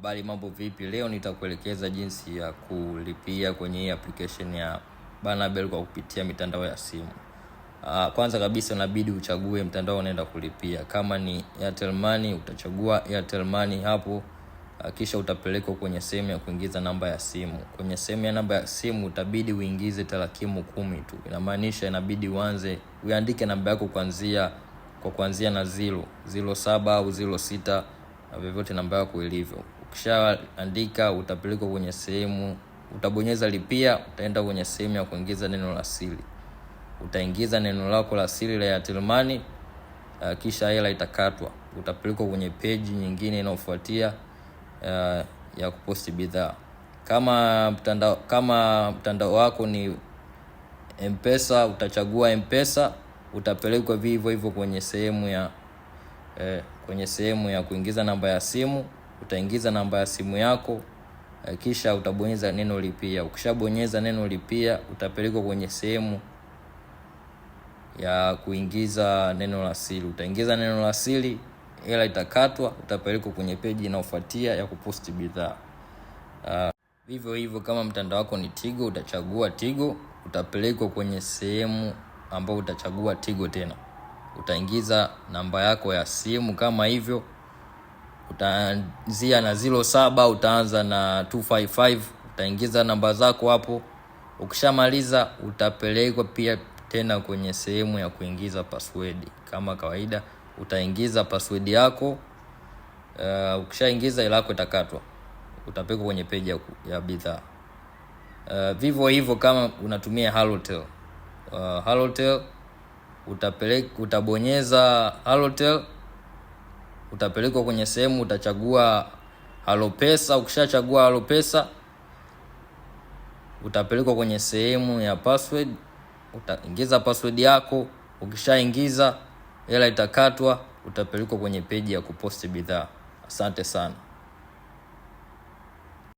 Habari, mambo vipi? Leo nitakuelekeza jinsi ya kulipia kwenye hii application ya Banabel kwa kupitia mitandao ya simu. Aa, ah, kwanza kabisa inabidi uchague mtandao unaenda kulipia. Kama ni Airtel Money utachagua Airtel Money hapo, ah, kisha utapelekwa kwenye sehemu ya kuingiza namba ya simu. Kwenye sehemu ya namba ya simu utabidi uingize tarakimu kumi tu. Inamaanisha inabidi uanze uandike namba yako kuanzia kwa kuanzia na zero saba au sita vyovyote namba yako ilivyo. Ukishaandika utapelekwa kwenye sehemu, utabonyeza lipia, utaenda kwenye sehemu ya kuingiza neno la siri. Utaingiza neno lako la siri la Airtel Money, uh, kisha hela itakatwa. Utapelekwa kwenye peji nyingine inayofuatia uh, ya kuposti bidhaa. Kama mtandao kama mtandao wako ni Mpesa, utachagua Mpesa, utapelekwa vivyo hivyo kwenye sehemu ya eh, kwenye sehemu ya kuingiza namba ya simu utaingiza namba ya simu yako eh, kisha utabonyeza neno lipia. Ukishabonyeza neno lipia, utapelekwa kwenye sehemu ya kuingiza neno la siri. Utaingiza neno la siri, hela itakatwa, utapelekwa kwenye peji inayofuatia ya kuposti bidhaa. Uh, hivyo kama mtandao wako ni Tigo, utachagua Tigo, utapelekwa kwenye sehemu ambayo utachagua Tigo tena utaingiza namba yako ya simu kama hivyo, utaanzia na 07 utaanza na 255 utaingiza namba zako hapo. Ukishamaliza utapelekwa pia tena kwenye sehemu ya kuingiza password. Kama kawaida, utaingiza password yako. Uh, ukishaingiza hela yako itakatwa, utapekwa kwenye peji ya, ya bidhaa. Uh, vivyo hivyo kama unatumia Halotel. Uh, Halotel utapeleka utabonyeza Halotel, utapelekwa kwenye sehemu, utachagua Halopesa. Ukishachagua Halopesa, utapelekwa kwenye sehemu ya password, utaingiza password yako. Ukishaingiza hela itakatwa, utapelekwa kwenye peji ya kuposti bidhaa. Asante sana.